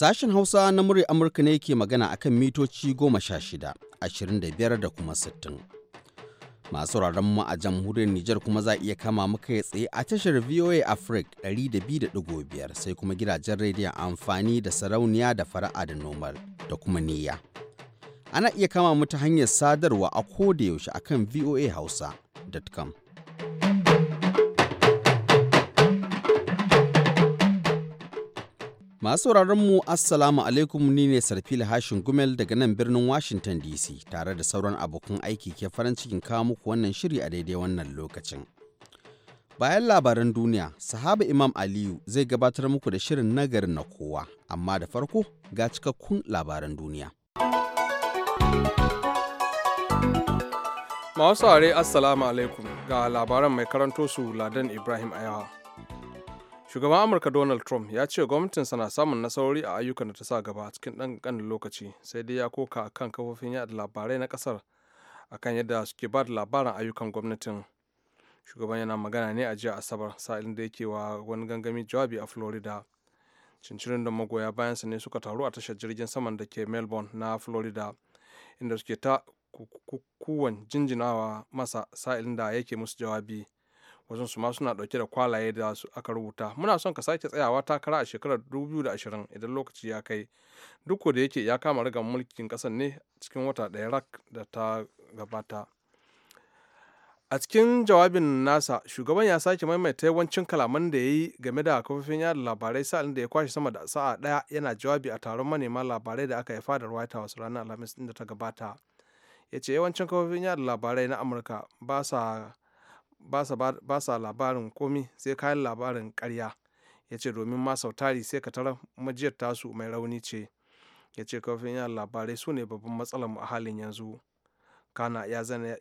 Sashen Hausa na murya Amurka ne ke magana kan mitoci goma sha shida, ashirin da biyar da kuma sittin. Masu mu a jamhuriyar Nijar kuma za iya kama muka tsaye a tashar VOA Africa biyar, sai kuma gidajen rediyon amfani da sarauniya da fara'a da nomal da kuma niyya. Ana iya kama mu ta hanyar sadarwa a koda yaushe akan voahausa.com. Masu mu Assalamu alaikum ni ne Sarfila Hashin Gumel daga nan birnin Washington DC tare da sauran abokan aiki ke farin cikin kawo muku wannan shiri a daidai wannan lokacin. Bayan labaran duniya, sahaba Imam Aliyu zai gabatar muku da shirin nagarin na kowa, amma da farko ga cikakkun labaran duniya. Masu Assalamu alaikum ga labaran mai karanto su Ladan Ibrahim Ayawa. shugaban amurka donald trump ya ce gwamnatinsa na samun nasarori a ayyukan da ta sa gaba cikin ɗan kanin lokaci sai dai ya koka a kan kafofin yada labarai na ƙasar kan yadda suke ba da labaran ayyukan gwamnatin shugaban yana magana ne a jiya asabar sa'ilin da yake wa wani gangami jawabi a florida cincirin da magoya bayansa ne suka taru a tashar jirgin saman da ke melbourne na florida inda suke ta kukuwan jinjinawa masa sa'ilin da yake musu jawabi wasu su ma suna dauke da kwalaye da aka rubuta muna son ka sake tsayawa takara a shekarar 2020 idan lokaci ya kai duk da yake ya kama rigar mulkin kasar ne cikin wata daya rak da ta gabata a cikin jawabin nasa shugaban ya sake maimaita yawancin kalaman da ya yi game da kafofin yada labarai sa'in da ya kwashe sama da sa'a daya yana jawabi a taron manema labarai da aka yi fadar white house ranar alhamis da ta gabata ya ce yawancin kafofin yada labarai na amurka ba sa ba sa labarin komi sai kayan labarin karya ya ce domin ma sautari sai ka tarar majiyar tasu mai rauni ce ya ce kafin yan labarai su ne babban matsalar mu a halin yanzu kana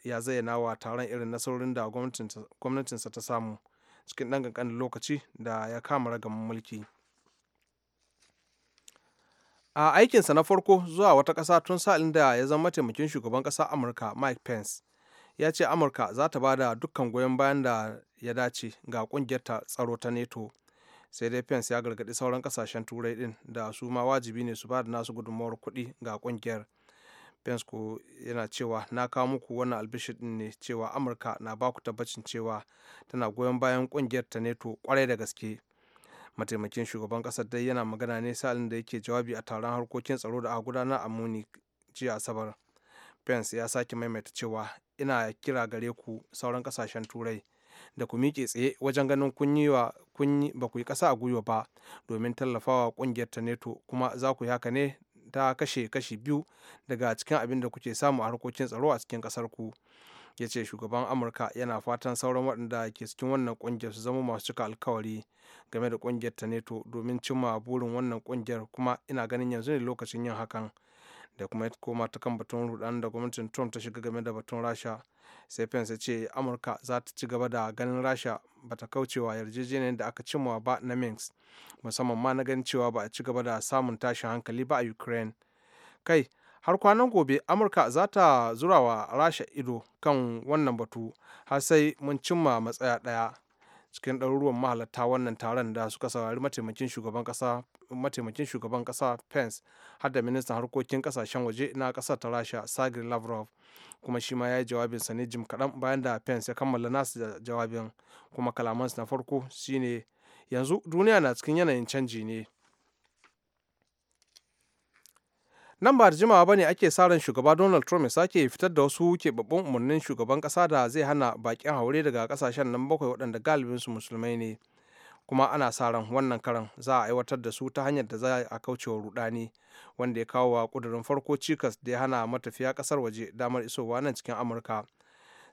ya zayyana wa taron irin nasarorin da gwamnatinsa ta samu cikin ɗan ƙanƙanin lokaci da ya kama ragaman mulki a aikinsa na farko zuwa wata ƙasa tun sa'ilin da ya zama mataimakin shugaban ƙasa amurka mike pence ya ce amurka za ta ba da dukkan goyon bayan da ya dace ga kungiyar tsaro ta neto sai dai pence ya gargaɗi sauran kasashen turai din da su ma wajibi ne su ba da nasu gudunmawar kuɗi ga kungiyar pence ko yana cewa na kawo muku wannan albishir din ne cewa amurka na ba ku tabbacin cewa tana goyon bayan kungiyar ta neto kwarai da gaske mataimakin shugaban kasar dai yana magana ne sa'ilin da yake jawabi a taron harkokin tsaro da aka gudanar a muni jiya asabar pence ya sake maimaita cewa ina kira gare ku sauran kasashen turai da ku miƙe tsaye wajen ganin kun yi ba ku yi ƙasa a gwiwa ba domin tallafawa ƙungiyar ta neto kuma za ku yi haka ne ta kashe kashi biyu daga cikin abin da kuke samu a harkokin tsaro a cikin ƙasar ku ya ce shugaban amurka yana fatan sauran waɗanda ke cikin wannan ƙungiyar su zama masu cika alkawari game da ƙungiyar ta neto domin cimma burin wannan ƙungiyar kuma ina ganin yanzu ne lokacin yin hakan da kuma ya koma ta kan batun rudan da gwamnatin trump ta shiga game da batun rasha sai pence ce amurka za ta ci gaba da ganin rasha ba ta kaucewa yarjejeniyar da aka cimma ba na minsk musamman ma na ganin cewa ba a ci gaba da samun tashin hankali ba a ukraine kai har kwanan gobe amurka za ta zura wa rasha ido kan wannan batu har sai mun cimma matsaya ɗaya cikin ɗaruruwan mahalarta wannan taron da suka saurari mataimakin shugaban ƙasa mataimakin shugaban ƙasa pence har da ministan harkokin ƙasashen waje na ƙasa ta rasha sagri lavrov kuma shi ma ya yi jawabin sa ne jim kaɗan bayan da pence ya kammala nasu da jawabin kuma kalamansa na farko shine yanzu duniya na cikin yanayin canji ne nan ba da jimawa ba ne ake sa ran shugaba donald trump ya sake fitar da wasu keɓaɓɓun umarnin shugaban ƙasa da zai hana bakin haure daga kasashen nan bakwai waɗanda galibin su musulmai ne kuma ana sa ran wannan karan za a aiwatar da su ta hanyar da za a kauce wa rudani wanda ya kawo wa kudurin farko cikas da ya hana matafiya kasar waje damar isowa nan cikin amurka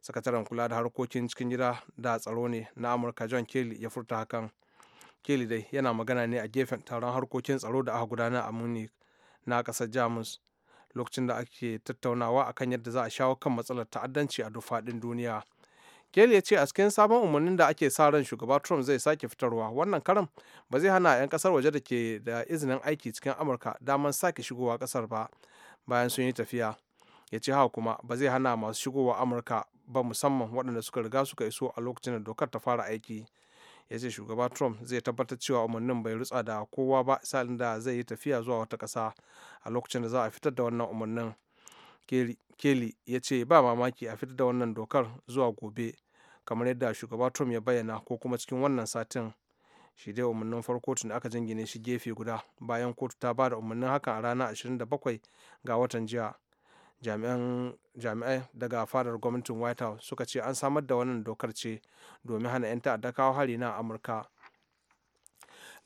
sakataren kula da harkokin cikin gida da tsaro ne na amurka john kelly ya furta hakan kelly dai yana magana ne a gefen taron harkokin tsaro da aka gudana a munich na ƙasar jamus lokacin da ake tattaunawa akan yadda za a shawo kan matsalar ta'addanci a duk duniya Gel ya ce a cikin sabon umarnin da ake sa ran shugaba Trump zai sake fitarwa wannan karan ba zai hana 'yan kasar waje da ke da izinin aiki cikin Amurka damar sake shigowa kasar ba bayan sun yi tafiya. Ya ce haka kuma ba zai hana masu shigowa Amurka ba musamman waɗanda suka riga suka iso a lokacin da dokar ta fara aiki ya ce shugaba trump zai tabbatar cewa umarnin bai rutsa da kowa ba sa'ilin da zai yi tafiya zuwa wata ƙasa a lokacin da za a fitar da wannan umarnin keli ya ce ba mamaki a fitar da wannan dokar zuwa gobe kamar yadda shugaba trump ya bayyana ko kuma cikin wannan satin shi dai umarnin farko tun aka jingine shi gefe guda bayan kotu ta ba da umarnin hakan a ranar 27 ga watan jiya jami'ai daga fadar gwamnatin white house suka ce an samar da wannan dokar ce domin hana 'yan ta'adda kawo hari na amurka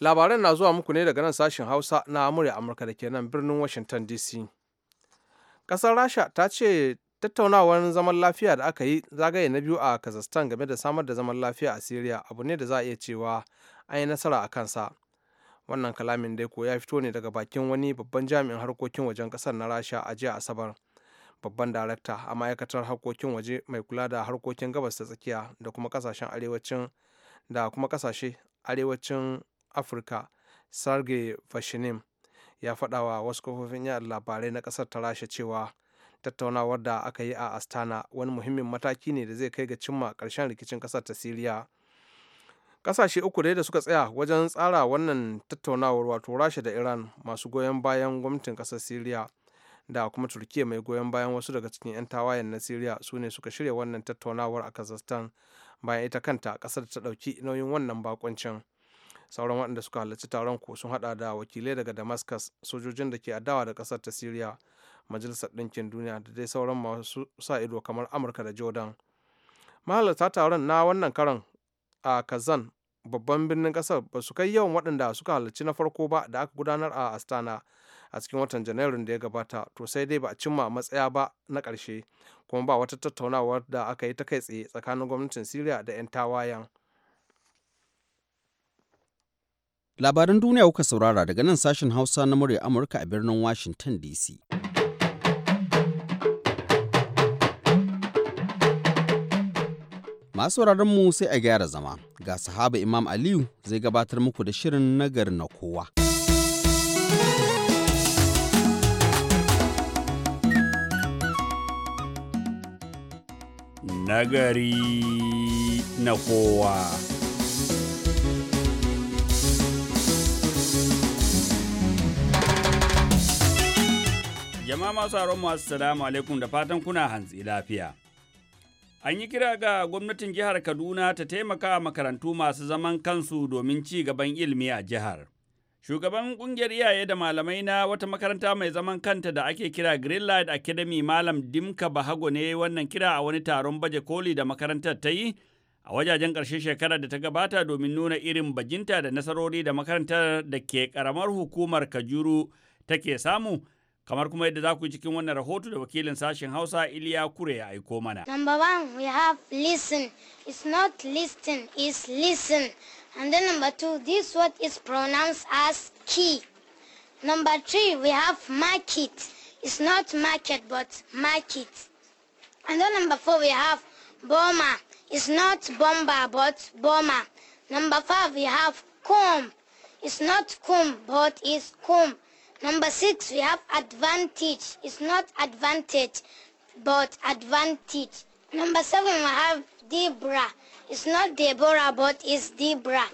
labaran na zuwa muku ne daga nan sashen hausa na murya amurka da ke nan birnin washington dc Ƙasar rasha ta ce tattaunawar zaman lafiya da aka yi zagaye na biyu a kazakhstan game da samar da zaman lafiya a syria abu ne da za a iya cewa an yi nasara a kansa wannan kalamin dai ko ya fito ne daga bakin wani babban jami'in harkokin wajen kasar na rasha a jiya asabar babban darakta a ma'aikatar harkokin waje mai kula da harkokin gabas ta tsakiya da kuma kasashen arewacin da kuma kasashe arewacin afirka sarge fashinim ya faɗa wa wasu kafofin yada labarai na ƙasar ta rasha cewa tattaunawar da aka yi a astana wani muhimmin mataki ne da zai kai ga cimma ƙarshen rikicin ƙasar ta siriya ƙasashe uku dai da suka tsaya wajen tsara wannan tattaunawar wato rasha da iran masu goyon bayan gwamnatin ƙasar siriya da kuma turkiya mai goyon bayan wasu daga cikin 'yan tawayen na syria su ne suka shirya wannan tattaunawar a kazakhstan bayan ita kanta kasar ta ɗauki nauyin wannan bakoncin sauran waɗanda suka halarci taron ko sun hada da wakilai daga damascus sojojin da ke adawa da kasar ta syria majalisar ɗinkin duniya da dai sauran masu sa ido kamar amurka da jordan mahalarta taron na wannan karan a kazan babban birnin kasar ba su kai yawan waɗanda suka halarci na farko ba da aka gudanar a astana a cikin watan janairun da ya gabata to sai dai ba a cimma matsaya ba na ƙarshe kuma ba wata tattaunawar da aka yi ta kai tsaye tsakanin gwamnatin syria da 'yan tawayan labaran duniya kuka saurara daga nan sashen hausa na murya amurka a birnin washington dc Masu mu sai a gyara zama, ga sahaba Imam Aliyu zai gabatar muku da shirin nagari na kowa. nagari na kowa. Jama'a masu haron masu salamu alaikum da fatan kuna hantsi lafiya. An yi kira ga gwamnatin jihar Kaduna ta taimaka makarantu masu zaman kansu domin ci gaban ilimi a jihar. Shugaban kungiyar iyaye da malamai na wata makaranta mai zaman kanta da ake kira Greenlight Academy Malam Dimka Bahago ne wannan kira a wani taron baje koli da makarantar ta yi a wajajen ƙarshen shekara da ta gabata domin nuna irin bajinta da nasarori da makarantar da ke karamar hukumar Kajuru take samu. kamar kuma yadda za ku yi cikin wannan rahoto da wakilin sashen Hausa Iliya Kure ya aiko mana. Number one, we have listen. It's not listen, it's listen. And then number two, this word is pronounced as key. Number three, we have market. It's not market, but market. And then number four, we have bomber. It's not bomber, but bomber. Number five, we have comb. It's not comb, but it's comb. Number six, we have advantage. It's not advantage, but advantage. Number seven, we have debra. It's not Deborah, but it's Debra.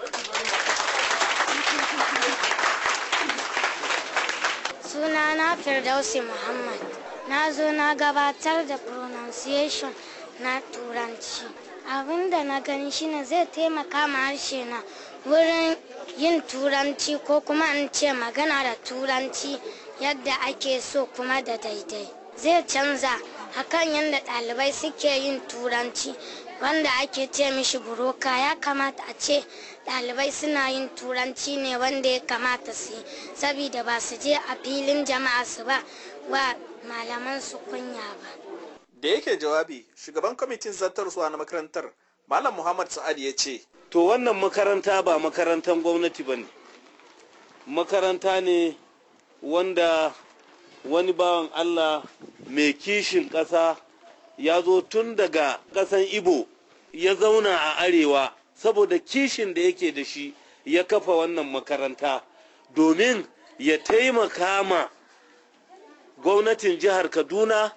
Sunana Firdausi Muhammad. Na zo na gabatar da pronunciation na Turanci. Abin da na gani shine zai taimaka ma harshe na wurin yin Turanci ko kuma in ce magana da Turanci yadda ake so kuma da daidai. Zai canza hakan yadda ɗalibai suke yin Turanci. wanda ake ce mishi buroka ya kamata a ce ɗalibai suna yin turanci ne wanda ya kamata su yi saboda ba su je a filin jama'a su ba wa malaman su kunya ba da yake jawabi shugaban kwamitin zartarsuwa na makarantar malam muhammad sa'ad ya ce to wannan makaranta ba makarantar gwamnati ba ne makaranta ne wanda wani bawan allah mai kishin ƙasa ya zo tun daga ƙasan ibo ya zauna a arewa saboda kishin da yake da shi ya kafa wannan makaranta domin ya taimaka ma gwamnatin jihar kaduna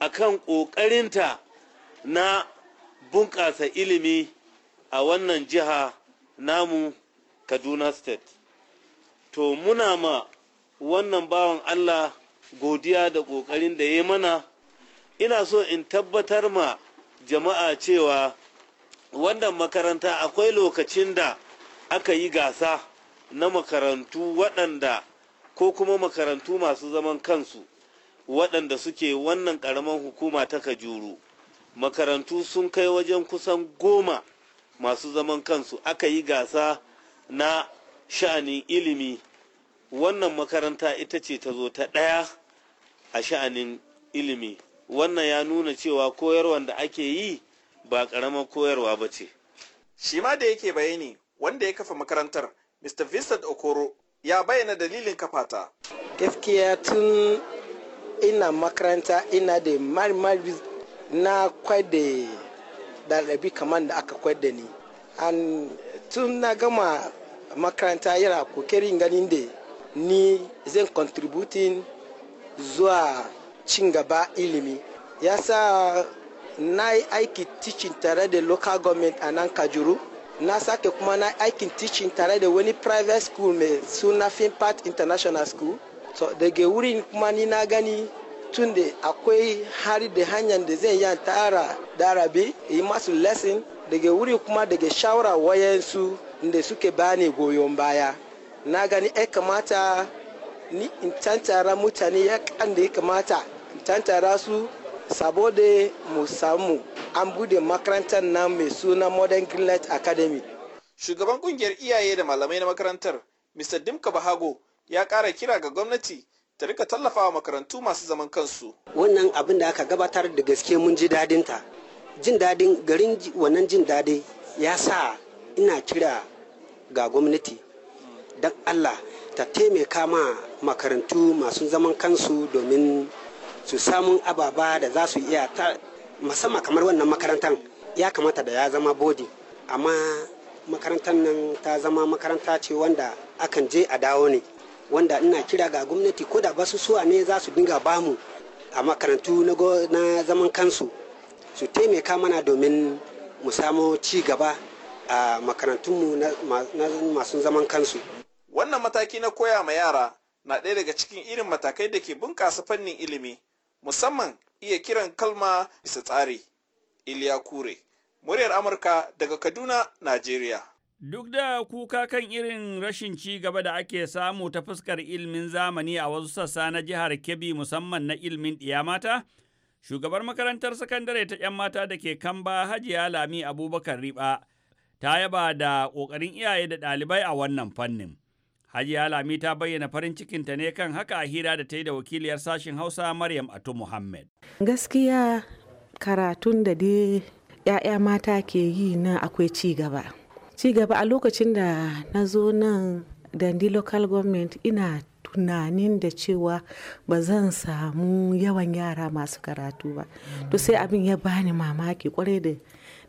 a kan ƙoƙarinta na bunƙasa ilimi a wannan jiha namu kaduna state to muna ma wannan bawan allah godiya da ƙoƙarin da ya mana ina so in tabbatar ma jama'a cewa wannan makaranta akwai lokacin da aka yi gasa na makarantu waɗanda ko kuma makarantu masu zaman kansu waɗanda suke wannan ƙaramin hukuma ta kajuru makarantu sun kai wajen kusan goma masu zaman kansu aka yi gasa na sha'anin ilimi wannan makaranta ita ce ta zo ta ɗaya a sha'anin ilimi wannan ya nuna cewa koyarwan da ake yi ba ƙaramar koyarwa ba ce. Shi ma da yake bayani wanda ya kafa makarantar Mr. Vincent Okoro ya bayyana dalilin kafata. Gaskiya tun ina makaranta ina da marmari na kwade ɗalibi kamar da aka kwade ni. tun na gama makaranta yana kokarin ganin da ni zan contributing zuwa cin gaba ilimi. Ya sa na yi aikin teaching tare da local government a nan kajuru na sake kuma na aikin teaching tare da wani private school mai suna finpat international school so daga wurin kuma ni na gani tun da akwai hari da hanyar da zai yan tara darabe yi masu lesson daga wuri kuma daga shawara wayansu da suke bani goyon baya na gani ya kamata ni in tantara mutane ya kan da ya kamata in tantara su saboda mu samu an bude makarantar nan mai suna modern greenlight academy shugaban kungiyar iyaye da malamai na makarantar mr dimka bahago ya kara kira ga gwamnati ta rika tallafawa makarantu masu zaman kansu wannan abin da aka gabatar da gaske mun ji ta jin dadin garin wannan jin dadi ya sa ina kira ga gwamnati don allah ta taimaka ma makarantu masu zaman kansu domin su samun ababa da za su iya ta musamman kamar wannan makarantar ya kamata da ya zama bodi amma makarantar nan ta zama makaranta ce wanda akan je a dawo ne wanda ina kira ga gwamnati ko da su suwa ne za su dinga bamu a makarantu na zaman kansu su taimaka mana domin mu samu ci gaba a makarantunmu na masu zaman kansu wannan mataki na koya ma yara na ɗaya daga cikin irin matakai da ke bunƙasa fannin ilimi musamman iya kiran kalma bisa tsari iliya kure muryar amurka daga kaduna nigeria. duk da kuka kan irin rashin ci gaba da ake samu ta fuskar ilmin zamani a wasu sassa na jihar kebbi musamman na ilmin ɗiya mata shugabar makarantar sakandare ta 'yan mata da ke kamba hajiya lami abubakar riba ta yaba da ƙoƙarin iyaye da ɗalibai a wannan fannin Hajiya Lami ta bayyana farin cikinta ne kan haka a hira da ta yi da wakiliyar sashen Hausa Maryam Atu Muhammad. Gaskiya karatun da dai ‘ya'ya mata ke yi na akwai ci gaba. Ci gaba a lokacin da na zo nan Dandi Local Government ina tunanin da cewa ba zan samu yawan yara masu karatu ba. To sai abin ya bani mamaki kwarai da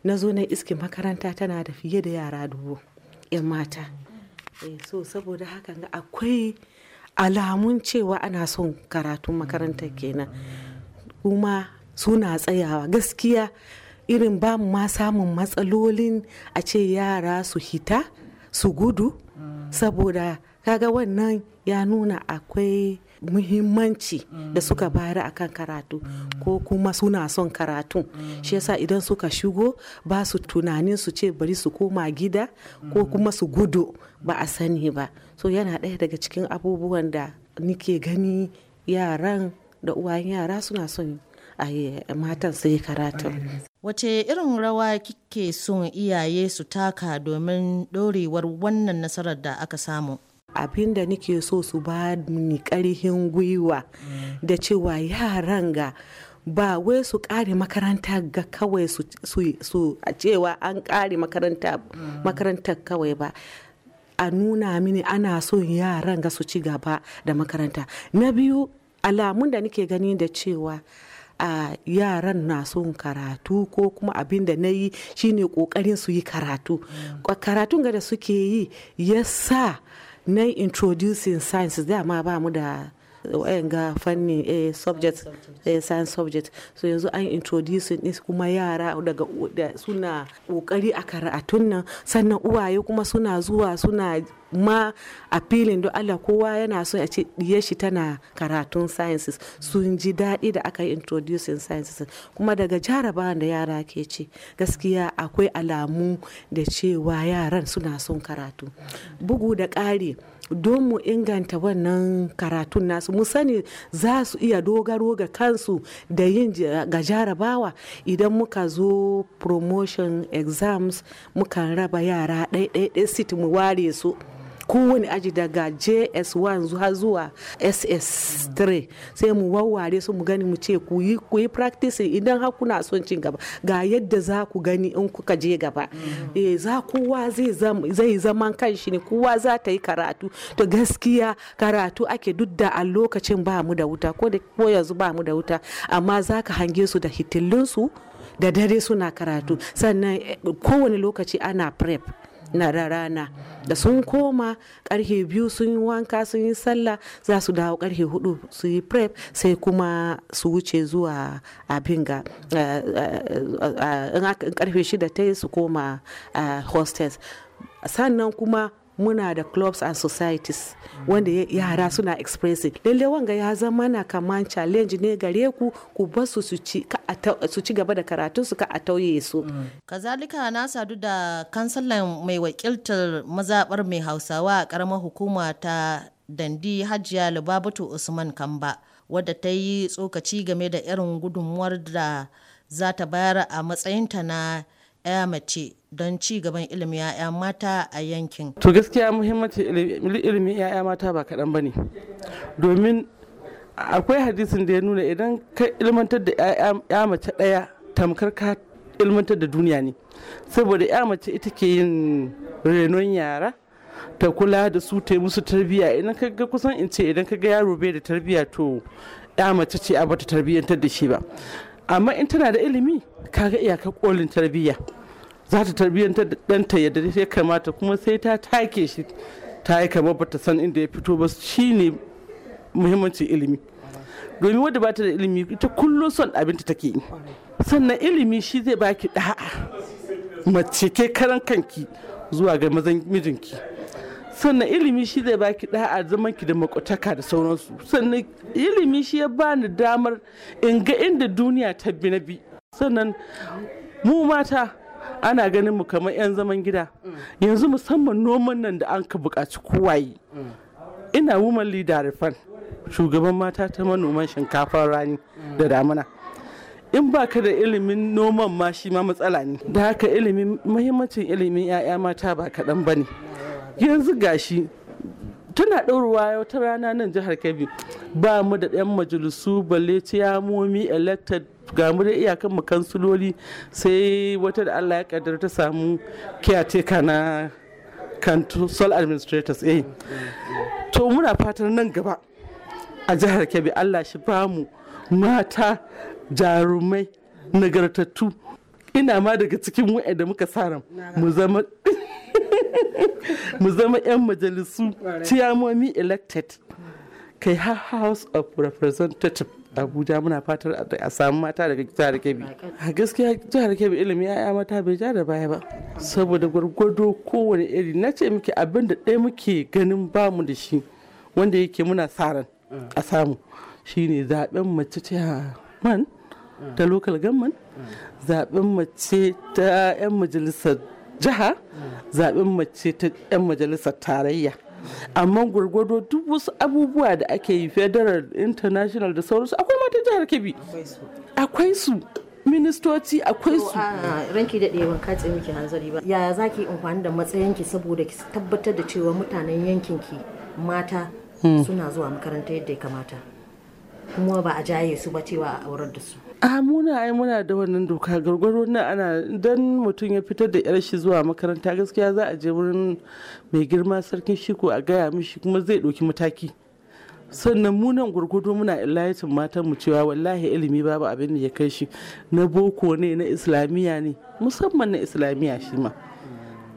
na zo na iske makaranta tana da fiye da yara dubu 'yan mata. Eh, so saboda haka akwai alamun cewa ana son karatun makarantar kenan kuma suna tsayawa gaskiya irin ba ma samun matsalolin a ce yara su hita su gudu saboda kaga wannan ya nuna akwai muhimmanci da suka bayar a kan karatu ko kuma suna son karatu shi yasa idan suka shigo ba su tunanin su ce bari su koma gida ko kuma su gudu ba a sani ba so yana ɗaya daga cikin abubuwan da nike gani yaran da uwayen yara suna son a matan su karatu. Wace irin rawa kike son iyaye su taka domin ɗorewar wannan nasarar da aka samu? abin da nake so su ba ni karihin gwiwa da cewa yaran ga ba wai su kare makaranta ga kawai su a cewa an kare makaranta kawai ba a nuna mini ana son yaran ga su ci gaba da makaranta na biyu alamun da nake gani da cewa a yaran na son karatu ko kuma abin da na yi shine kokarin su yi karatu karatun ga da suke yi ya sa na introducing sciences dama ba mu da wayan ga fannin eh, subject eh, science subject so yanzu an introduce ne kuma yara daga suna kokari a karatun nan sannan uwaye kuma suna zuwa suna ma a filin don Allah kowa yana so ya ce diyar shi tana karatun sciences sun ji daɗi da aka yi in sciences kuma daga jarabawan da yara ke ce gaskiya akwai alamu da cewa yaran suna son karatu bugu da ƙari don mu inganta wannan karatun nasu mu sani za su iya dogaro ga kansu da yin ga jarabawa idan muka zo promotion exams muka raba yara ɗaiɗaiɗai sit mu ware su kowane aji daga js1 har zuwa ss3 sai mu wawware su mu gani mu ce ku yi ku idan har kuna son cin gaba ga yadda za ku gani in kuka je gaba mm. eh za kowa zai zai zaman kanshi ne kowa za ta yi karatu to gaskiya karatu ake duk da a lokacin ba mu da wuta ko da ko yanzu ba mu da wuta amma za ka hange su da hitilinsu da dare suna karatu sannan eh, kowane lokaci ana prep na da rana da sun koma karfe biyu sun yi wanka sun yi sallah za su dawo karfe hudu su yi prep sai kuma su wuce zuwa abin ga eh, eh, eh, in karfe shida ta yi su koma hostess sannan kuma muna da clubs and societies wanda yara suna expressing lalle wanga ya zama na kaman challenge ne gare ku ku basu su ci gaba da karatun su ka a tauye su kazalika na sadu da kansalan mai wakiltar mazabar mai hausawa a karamar hukuma ta dandi hajiya lubabatu usman kamba wadda ta yi tsokaci game da irin gudunmuwar da za ta bayar a matsayinta na 'ya mace don ci gaban ilimin 'ya'ya mata a yankin. To gaskiya muhimmanci ilimin 'ya'ya mata ba kaɗan ba ne. Domin akwai hadisin da ya nuna idan ka ilmantar da 'ya mace ɗaya tamkar ka ilmantar da duniya ne. Saboda 'ya mace ita ke yin renon yara. ta kula da su ta yi musu tarbiyya idan ka ga kusan in ce idan ka ga yaro bai da tarbiyya to ya mace ce a bata tarbiyyantar da shi ba amma in tana da ilimi ka ga iyakar kolin tarbiyya za ta tarbiyyantar da ɗanta yadda ya kamata kuma sai ta take shi ta yi kamar bata san inda ya fito ba shi ne muhimmancin ilimi domin wadda ba ta da ilimi ita kullum son abinta take yi sannan ilimi shi zai baki ɗa'a, mace ke karan kanki zuwa ga mazan mijinki sannan ilimi shi zai baki da'a zaman ki da makotaka da sauransu sannan ilimi shi ya bani damar in ga inda duniya ta bi na bi sannan mu mata ana ganin mu kamar 'yan zaman gida yanzu musamman noman nan da an ka buƙaci kowaye ina woman leader refan shugaban mata ta manoman shinkafar rani da damuna in ba ka da ilimin noman ma shi ma matsala ne da haka ilimin mahimmancin ilimin 'ya'ya mata ba kaɗan ba ne yanzu gashi tana ɗaurawa wata rana nan jihar kebbi ba mu da 'yan majalisu balle ciyamomi elected ga mu da iyakan mu kansuloli sai wata da allah ya kaddara ta samu caretaker na kantu administrators eh to muna fatar nan gaba a jihar kebbi allah shi ba mu mata jarumai nagartattu ina ma daga cikin wa'anda muka sa mu zama mu zama 'yan majalisu ciyamomi elected kai har house of representative abuja muna fatar a samu mata daga jihar kebbi a gaskiya jihar kebbi ilimi ya mata bai ja da baya ba saboda gwargwado kowane iri na ce muke abin da ɗaya muke ganin bamu da shi wanda yake muna sa mm. a samu shine zaben mace ta man ta local government zaɓen mace ta 'yan majalisar jiha zaɓen mace ta 'yan majalisar tarayya amma gwargwado duk wasu abubuwa da ake yi federal international da sauransu akwai mata jihar kebbi akwai su ministoci akwai su ranki da ɗewan katse miki hanzari ba yaya za ki amfani da matsayinki saboda ki tabbatar da cewa mutanen yankin ki mata hmm. suna zuwa makaranta yadda ya kamata kuma ba a jaye su ba cewa a aurar da su a muna ai muna da wannan doka gargwaro na ana dan mutum ya fitar da yar shi zuwa makaranta gaskiya za a je wurin mai girma sarkin shiko a gaya mishi kuma zai ɗauki mataki sannan munan gwargwado muna illayatin matan mu cewa wallahi ilimi babu abin da ya kai shi na boko ne na islamiyya ne musamman na islamiyya shi ma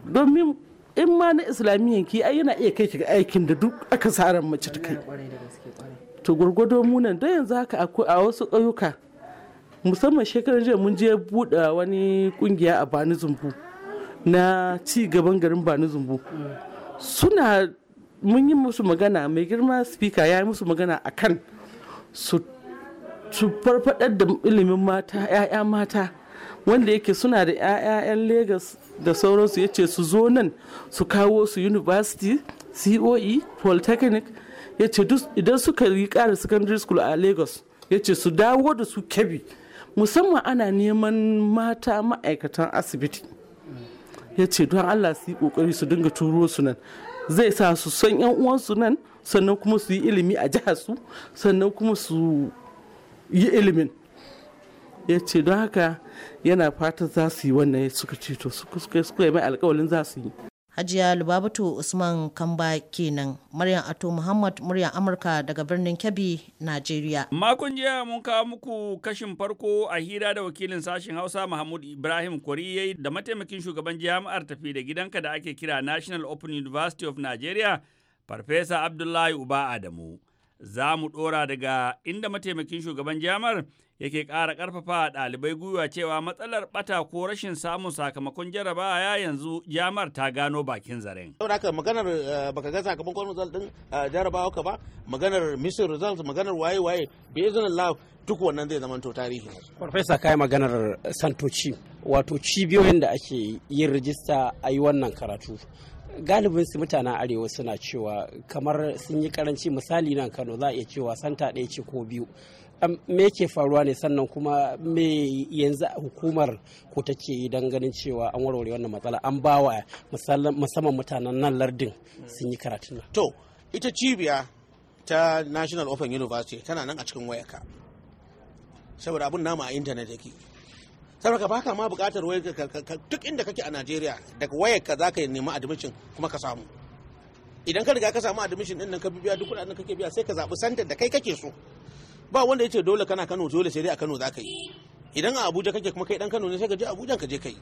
domin in ma na islamiyya ki ai yana iya kai ki ga aikin da duk aka tsara mace ta kai to gwargwado munan da yanzu haka a wasu ƙauyuka musamman shekarar jiya mun je buɗe wani kungiya a bani zumbu na ci gaban garin bani zumbu suna mun yi musu magana mai girma speaker ya yi musu magana a kan su farfadar da ilimin mata 'ya'ya mata wanda yake suna da 'ya'ya'yan lagos da sauransu ya ce su zo nan su kawo su university coe polytechnic ya ce idan suka yi ƙara secondary school a lagos ya ce su dawo da su kebi musamman ana neman mata ma'aikatan asibiti ya ce don allah su yi kokari su dinga turo su nan zai sa su san yan uwansu nan sannan kuma su yi ilimi a jihar su sannan kuma su yi ilimin ya ce don haka yana fatan za su yi wannan suka ce to suka yi mai alkawalin za su yi Hajiya Lubabatu Usman Kamba kenan. Maryam Ato Muhammad muryar Amurka daga birnin Kebbi, Najeriya. Makon jiya mun kawo muku kashin farko a hira da wakilin sashen Hausa Mahmud Ibrahim Koriye da mataimakin shugaban jami'ar tafi da gidanka da ake kira National Open University of Nigeria, Farfesa Abdullahi Uba Adamu. Za mu ɗora daga inda mataimakin shugaban jami'ar yake ƙara ƙarfafa ɗalibai gwiwa cewa matsalar ɓata ko rashin samun sakamakon jarabawa yanzu jamar ta gano bakin zaren. Yau haka maganar eh, baka ga sakamakon result ɗin eh, jarabawa ka ba maganar missing result maganar waye waye bai zanen Allah duk wannan zai zamanto tarihi. Farfesa kai maganar santoci wato cibiyoyin da ake yin rijista a yi wannan karatu. galibin su mutanen arewa suna cewa kamar sun yi karanci misali nan kano za a iya cewa santa ɗaya ce ko biyu me ke faruwa ne sannan kuma me yanzu hukumar ko take yi don ganin cewa an warware wannan matsala an bawa musamman mutanen nan lardin sun yi karatun nan to ita cibiya ta national open university tana nan a cikin wayarka saboda abun nama a intanet yake saboda ka baka ma bukatar wayar duk inda kake a Najeriya daga wayarka za ka nemi admission kuma ka samu idan ka riga ka samu admission din nan ka biya duk kuɗaɗen kake biya sai ka zaɓi sandan da kai kake so ba wanda ya ce dole kana kano dole sai dai a kano za ka yi idan a abuja kake kuma kai dan kano ne sai ka je abuja ka je ka yi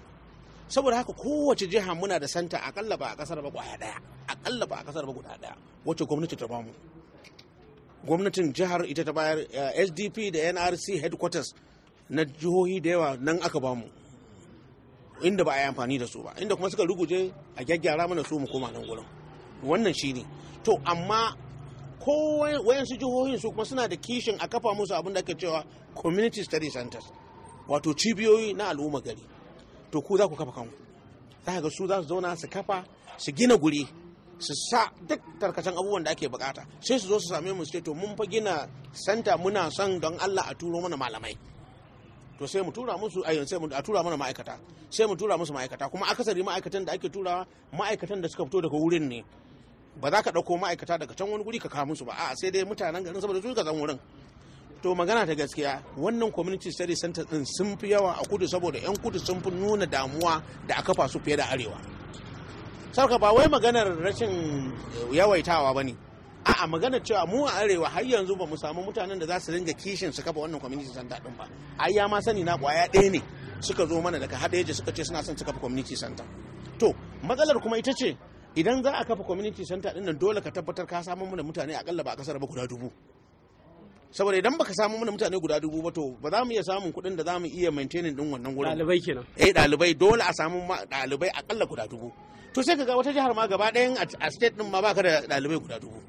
saboda haka kowace jiha muna da santa akalla ba a kasar ba guda daya akalla ba a kasar ba guda daya wacce gwamnati ta bamu gwamnatin jihar ita ta bayar eh, sdp da nrc headquarters na jihohi da yawa nan aka bamu inda ba a yi amfani da su ba inda kuma suka ruguje a gyaggyara mana su mu koma nan gurin wannan shi ne to amma ko wayansu jihohin su kuma suna da kishin a kafa musu abin da ake cewa community study centers wato cibiyoyi na al'umma gari to ku za ku kafa kanku za ga su za su zauna su kafa su gina guri su sa duk tarkacen abubuwan da ake bukata sai su zo su same mu su ce to mun fa gina santa muna son don Allah a turo mana malamai to sai mu tura musu a sai mu tura mana ma'aikata sai mu tura musu ma'aikata kuma akasari ma'aikatan da ake turawa ma'aikatan da suka fito daga wurin ne ba za ka ɗauko ma'aikata daga can wani guri ka kawo musu ba a'a sai dai mutanen garin saboda su ka zan wurin to magana ta gaskiya wannan community study center din sun fi yawa a kudu saboda yan kudu sun fi nuna damuwa da a kafa su fiye da arewa sarka ba wai maganar rashin yawaitawa ba ne a'a maganar cewa mu a arewa har yanzu ba mu samu mutanen da za su dinga kishin su kafa wannan community center din ba ai ya ma sani na kwaya ɗaya ne suka zo mana daga hadeji suka ce suna son su kafa community center to matsalar kuma ita ce idan za a kafa community center din nan dole ka tabbatar ka samu mana mutane akalla ba a kasar ba guda dubu saboda idan baka samu mana mutane guda dubu ba to ba za mu iya samun kuɗin da za mu iya maintaining din wannan wurin ɗalibai kenan eh ɗalibai dole a samu ɗalibai akalla guda dubu to sai kaga wata jihar ma gaba ɗayan a state din ma baka da ɗalibai guda dubu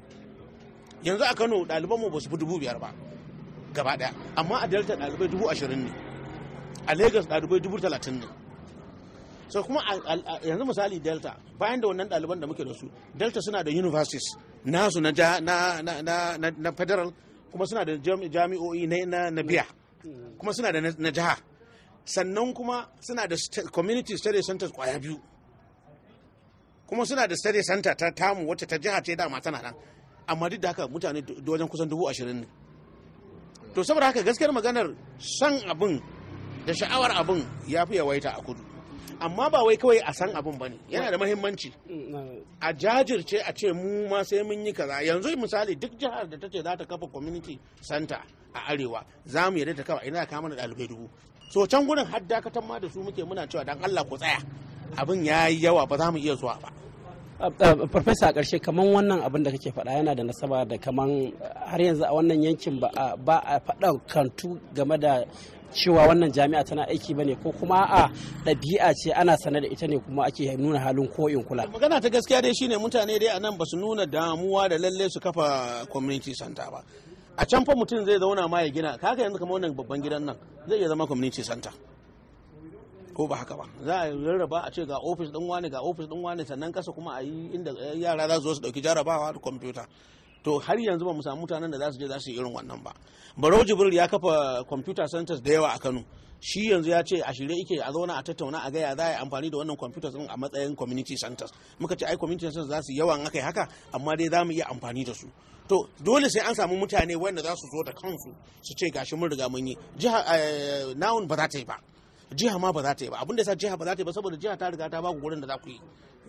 yanzu a Kano daliban mu ba su fi dubu biyar ba gaba ɗaya amma a Delta ɗalibai dubu ashirin ne a Lagos ɗalibai dubu talatin ne so kuma yanzu misali delta bayan da wannan ɗaliban da muke da su delta suna da universities nasu na na federal kuma suna da jami'o'i na biya kuma suna da na jiha sannan kuma suna da community study centers kwaya biyu kuma suna da study center ta tamu wacce ta jiha ce dama tana nan amma duk da haka mutane wajen kusan dubu ashirin ne to saboda haka gaskiyar maganar san abin da sha'awar abin ya fi yawaita a kudu amma ba wai kawai a san abin bane yana da mahimmanci mm, a jajirce a ce mu ma sai mun yi kaza yanzu misali duk jihar da ta ce za ta kafa community center a arewa za mu yarda ta kafa ina kama mana ɗalibai dubu so can gurin har dakatan ma da su muke muna cewa dan Allah ku tsaya abin ya yi yawa ba za mu iya zuwa ba farfesa uh, uh, a ƙarshe kamar wannan abin da kake faɗa yana da nasaba da kamar uh, har yanzu a wannan yankin ba a faɗa kantu game da cewa wannan jami'a tana aiki bane ko kuma a ɗabi'a ce ana sanar da ita ne kuma ake nuna halin ko in kula magana ta gaskiya dai shine mutane dai anan ba su nuna damuwa da lalle su kafa community center ba a can fa mutum zai zauna ma ya gina kaka yanzu kama wannan babban gidan nan zai iya zama community center ko ba haka ba za a rarraba a ce ga ofis din wani ga ofis din wani sannan kasa kuma a yi inda yara za su ɗauki jarabawa da kwamfuta to har yanzu ba mu samu mutanen da za su je za su yi irin wannan ba barau jibril ya kafa computer centers da yawa a kano shi yanzu ya ce a shirye ike a zauna a tattauna a gaya za a yi amfani da wannan computer a matsayin community centers muka ce ai community centers za su yawan yi haka amma dai za mu iya amfani da su to dole sai an samu mutane wanda za su zo da kansu su ce gashi mun riga mun yi jiha eh, nawun ba za ta yi ba jiha ma ba za ta yi ba abinda da yasa jiha ba za ta yi ba saboda jiha ta riga ta ba ku gurin da za ku yi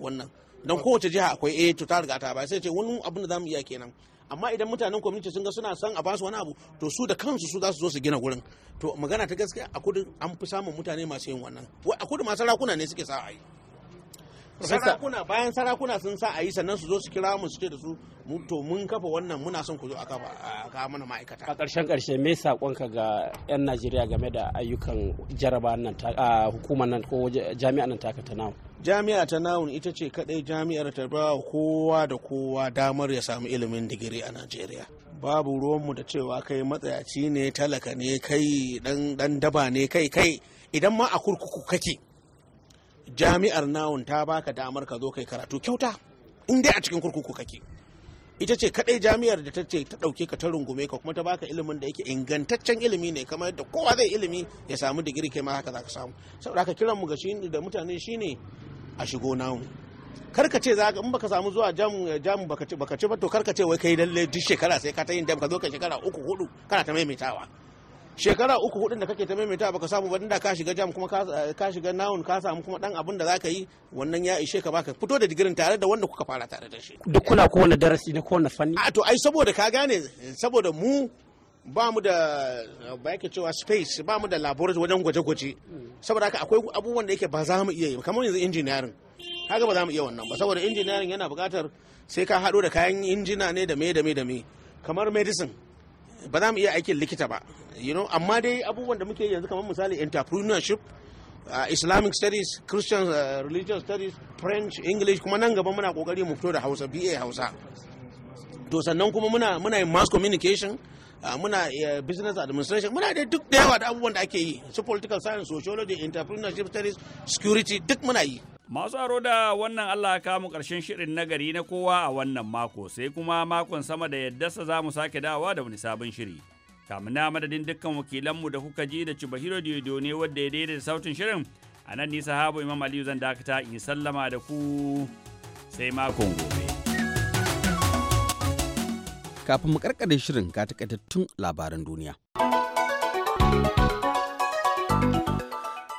wannan don kowace jiha akwai eh to ta riga ta ba sai ce wani abin da zamu iya kenan amma idan mutanen community sun ga suna san a basu wani abu to su da kansu su za su zo su gina wurin to magana ta gaskiya a kudu an fi samun mutane masu yin wannan a kudu masu rakuna ne suke sa'a sarakuna bayan sarakuna sun sa a yi sannan su zo su kira mu su ce da su to mun kafa wannan muna son ku zo a kafa mana ma'aikata a ƙarshen ƙarshe me saƙonka ga 'yan Najeriya game da ayyukan jaraba nan ta hukumar nan ko jami'a nan taka ta nawo jami'a ta nawun ita ce kadai jami'ar ta ba kowa da kowa damar ya samu ilimin digiri a Najeriya babu ruwanmu da cewa kai matsayaci ne talaka ne kai dan daba ne kai kai idan ma a kurkuku kake jami'ar nawun ta baka damar ka zo kai karatu kyauta in dai a cikin kurkuku kake ita ce kadai jami'ar da ta ce ta dauke ka ta rungume ka kuma ta baka ilimin da yake ingantaccen ilimi ne kamar yadda kowa zai ilimi ya samu digiri kai ma haka za ka samu saboda haka kiran mu ga shi da mutane shine a shigo nawun ka ce zaka in baka samu zuwa jam jam baka ci baka ci ba to karka ce wai kai lalle duk shekara sai ka ta yin jam ka zo ka shekara uku hudu kana ta maimaitawa shekara uku hudun da kake ta maimaita baka samu ba da ka shiga jam kuma ka eh, shiga nawun ka samu kuma dan abin da zaka yi wannan ya ishe ka baka fito da digirin tare da wanda kuka fara tare da shi duk kuna wani darasi na kowane fanni a to ai saboda ka gane saboda mu ba mu da ba yake cewa space ba mu da laboratory wajen gwaje-gwaje saboda haka akwai abubuwan da yake ba za mu iya yi kamar yanzu engineering kaga ba za mu iya wannan ba saboda engineering yana buƙatar sai ka haɗo da kayan injina ne da me da me da me kamar medicine ba za mu iya aikin likita ba you know amma dai abubuwan da muke yanzu kamar misali entrepreneurship uh, islamic studies christian uh, religious studies french english kuma nan gaba muna kokari mu fito da hausa ba hausa to sannan kuma muna muna yin mass communication Ah, muna eh, business administration muna da duk da yawa da abubuwan da ake yi su political science sociology entrepreneurship studies security duk muna yi Masu aro da wannan Allah ka mu karshen shirin nagari na kowa a wannan mako sai kuma makon sama da yaddasa za mu sake dawa da wani sabon shiri. Kamun na madadin dukkan wakilanmu da kuka ji da Cibahiro Diodo ne wadda ya daidaita sautin shirin a nan nisa habu Imam Aliyu zan dakata in sallama da ku sai makon gobe. kafin mu karkare shirin ga takaitattun labaran duniya.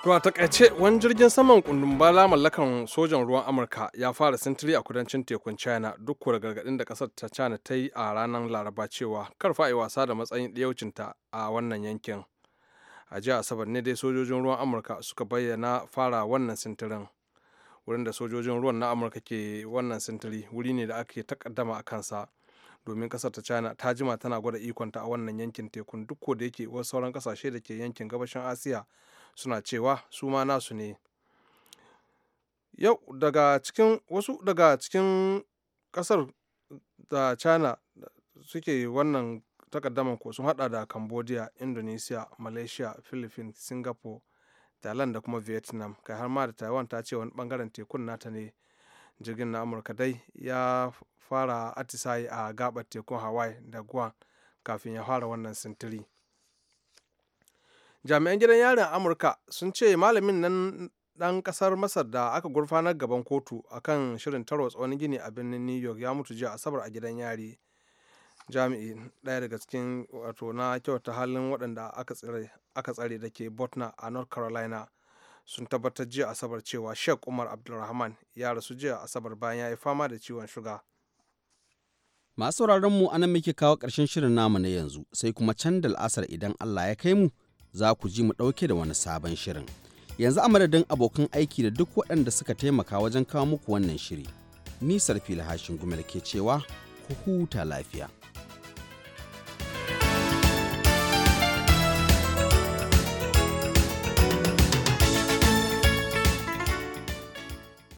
To a takaice wani jirgin saman kundin bala mallakan sojan ruwan Amurka ya fara sintiri a kudancin tekun China duk da gargadin da kasar ta China ta yi a ranar Laraba cewa kar fa wasa da matsayin ɗiyaucinta a wannan yankin. A jiya Asabar ne dai sojojin ruwan Amurka suka bayyana fara wannan sintirin. Wurin da sojojin ruwan na Amurka ke wannan sintiri wuri ne da ake takaddama a kansa domin kasar ta china ta jima tana gwada ikonta a wannan yankin tekun duk da yake wasu sauran kasashe da ke yankin gabashin asiya suna cewa su ma nasu ne yau daga cikin wasu daga cikin kasar da china suke wannan takaddaman ko sun hada da cambodia indonesia malaysia philippines singapore thailand da kuma vietnam kai har ma da taiwan ta ce wani bangaren tekun nata ne jirgin na amurka dai ya fara atisaye a gabar tekun hawaii da guam kafin ya fara wannan sintiri jami'an gidan yarin amurka sun ce malamin nan dan kasar masar da aka gurfanar gaban kotu akan shirin tarwatsa tsawon gini a birnin new york ya mutu jiya asabar a gidan yari jami'i daya daga cikin wato na kyauta halin waɗanda aka tsare da ke botna a north carolina sun tabbatar jiya asabar cewa sheikh umar abdulrahman ya rasu jiya asabar bayan ya yi fama da ciwon shuga Masu mu anan muke kawo ƙarshen shirin namu na yanzu sai kuma can da al'asar idan Allah ya kai mu za ku ji mu ɗauke da wani sabon shirin. Yanzu a madadin abokan aiki da duk waɗanda suka taimaka wajen kawo muku wannan shiri. Nisar fili hashin gumel ke cewa ku huta lafiya.